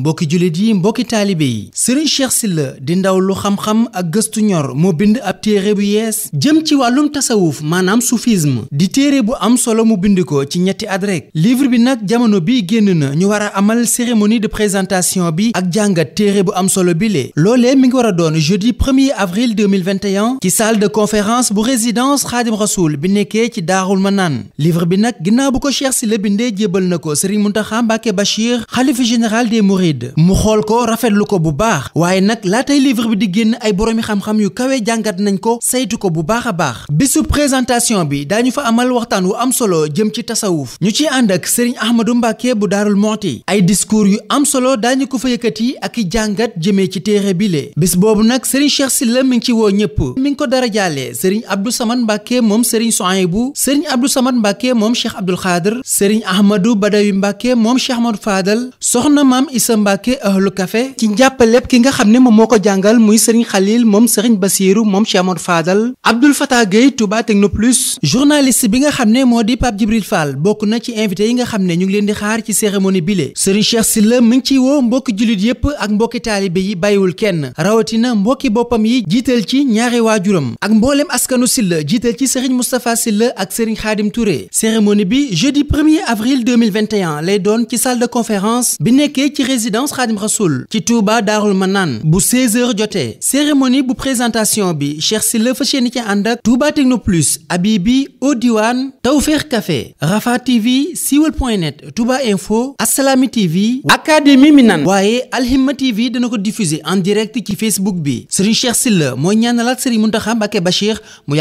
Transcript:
mbokki jullit yi mbokki taalibe yi sëriñ Cheikh Sylla di ndaw lu xam-xam ak gëstu ñor moo bind ab téere bu yees jëm ci wàllum tasawuf maanaam soufisme di téere bu am solo mu bind ko ci ñetti at livre bi nag jamono bi génn na ñu war a amal cérémonie de présentation bi ak jàngat téere bu am solo bi lee mi ngi war a doon jeudi 1er avril 2021 ci salle de conférence bu résidence Xaadim Rasoul bi nekkee ci Daarul naan livre bi nag ginnaaw bu ko Cheikh Sylla bindee jébal na ko sëriñ Muntaxa Mbàkke Bachir général Hamid mu xool ko rafetlu ko bu baax waaye nag laatay livre bi di génn ay boroomi xam-xam yu kawe jàngat nañ ko saytu ko bu baax a baax bisu présentation bi daañu fa amal waxtaan wu am solo jëm ci tasawuf ñu ci ànd ak Serigne Ahmadou Mbacke bu Daarul Monti ay discours yu am solo daañu ko fa yi ak i jàngat jëmee ci téere bile bis boobu nag Serigne Cheikh Sylla mi ngi ci woo ñëpp mi ngi ko dara jaale Serigne Abdou Samad Mbacke moom Serigne Souhaïbou Serigne Abdou Samad moom Cheikh Abdoul Khader Serigne Ahmadou Badawi Mbacke moom Cheikh Ahmadou Fadal soxna maam Issa Mbacke Ahlou Café ci njàppaleb ki nga xam ne moom moo ko jàngal muy Serigne Khalil moom Serigne Bassirou moom Cheikh Amadou Fadal Abdoul Fatah Gueye Touba Technoplus journaliste bi nga xam ne moo di Pape Djibril Fall bokk na ci invité yi nga xam ne ñu ngi leen di xaar ci cérémonie bile Serigne Cheikh Sylla mi ngi ciy woo mbokki jullit yépp ak mbokki taalibe yi bàyyiwul kenn rawatina mbokki boppam yi jiital ci ñaari waajuram ak mbooleem askanu Sylla jiital ci Serigne Moustapha Sylla ak Serigne Khadim Touré cérémonie bi jeudi 1er avril 2021 lay doon ci salle de résidence Xaadim Rasoul ci Touba Daarul Manaan bu 16h jotee cérémonie bu présentation bi Cheikh Sylla fas yéene ci ànd ak Touba Techno Plus Habibi Odiwan Tawfekh Café Rafa TV Siweul point net Touba Info Assalaamy TV Académie Minan waaye Alhimma TV dana ko diffusé en direct ci Facebook bi Serigne Cheikh Sylla mooy ñaanalaat Serigne Mountakha Mbacké Bachir mu